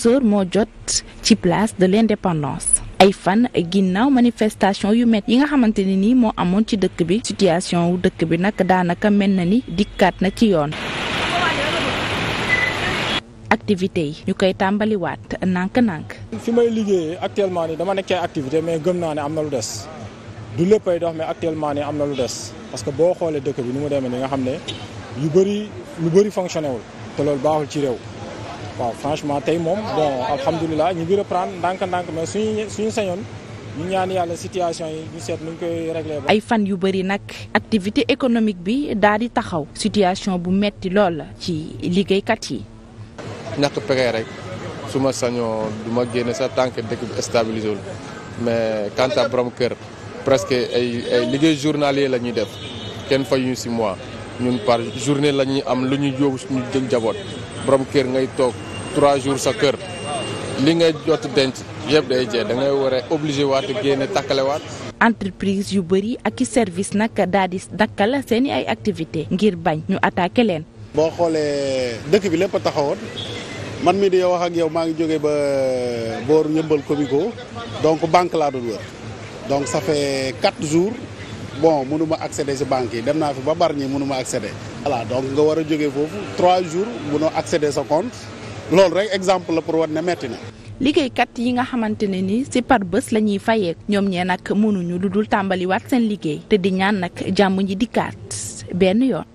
11 moo jot ci place de l'indépendance ay fan ginnaaw manifestation yu met yi nga xamante ni nii moo amoon ci dëkk bi situation wu dëkk bi nag daanaka mel na ni dikkaat na ci yoon activité yi ñu koy tàmbaliwaat nànk-nànk fi may liggéeyee actuellement ni dama nekk ci activité mais gëm naa ne am na lu des du ni am na lu des parce que boo xoolee dëkk bi ni mu demee ni nga xam ne yu bëri lu bëri fonctionné wul te loolu baaxul ci réew waaw franchement tey moom bon alhamdulilah ñu ngi reprendre ndànk-ndànk mais suñu suñu sañoon ñu ñaan yàlla situation yi ñu seet nuñ koy réglé. ay fan yu bëri nag activité économique bi daal di taxaw. situation bu metti lool ci liggéeykat yi. ñàkk pexe rek su ma sañoo du ma génne sax tant que dëkk bi stabilisé wul mais quant à borom kër presque ay ay liggéey journalier la ñuy def kenn fayuñu si mois. ñun par journée la ñuy am lu ñu yóbbu suñu jëg jaboot borom kër ngay toog trois jours sa kër li ngay jot denc yëpp day jee da ngay war a obligé waat génne takkale waat entreprise yu bëri ak i service nag daal di dakkal seen i ay activité ngir bañ ñu attaqué leen boo xoolee dëkk bi lépp a taxawoon man mii di wax ak yow maa ngi jógee ba booru ñëmbal comico donc banque laa doon wër donc ça fait quatre jours bon mënuma ma accéder si banques yi dem naa fi ba bar ñi mënu ma accéder voilà donc nga war a jógee foofu trois jours mënoo accéder sa compte loolu rek exemple la pour wan ne metti na. liggéeykat yi nga xamante ne ni si par bés la ñuy fayeek ñoom ñee nag mënuñu lu dul tàmbaliwaat seen liggéey te di ñaan nag jàmm ñi kaat benn yoon.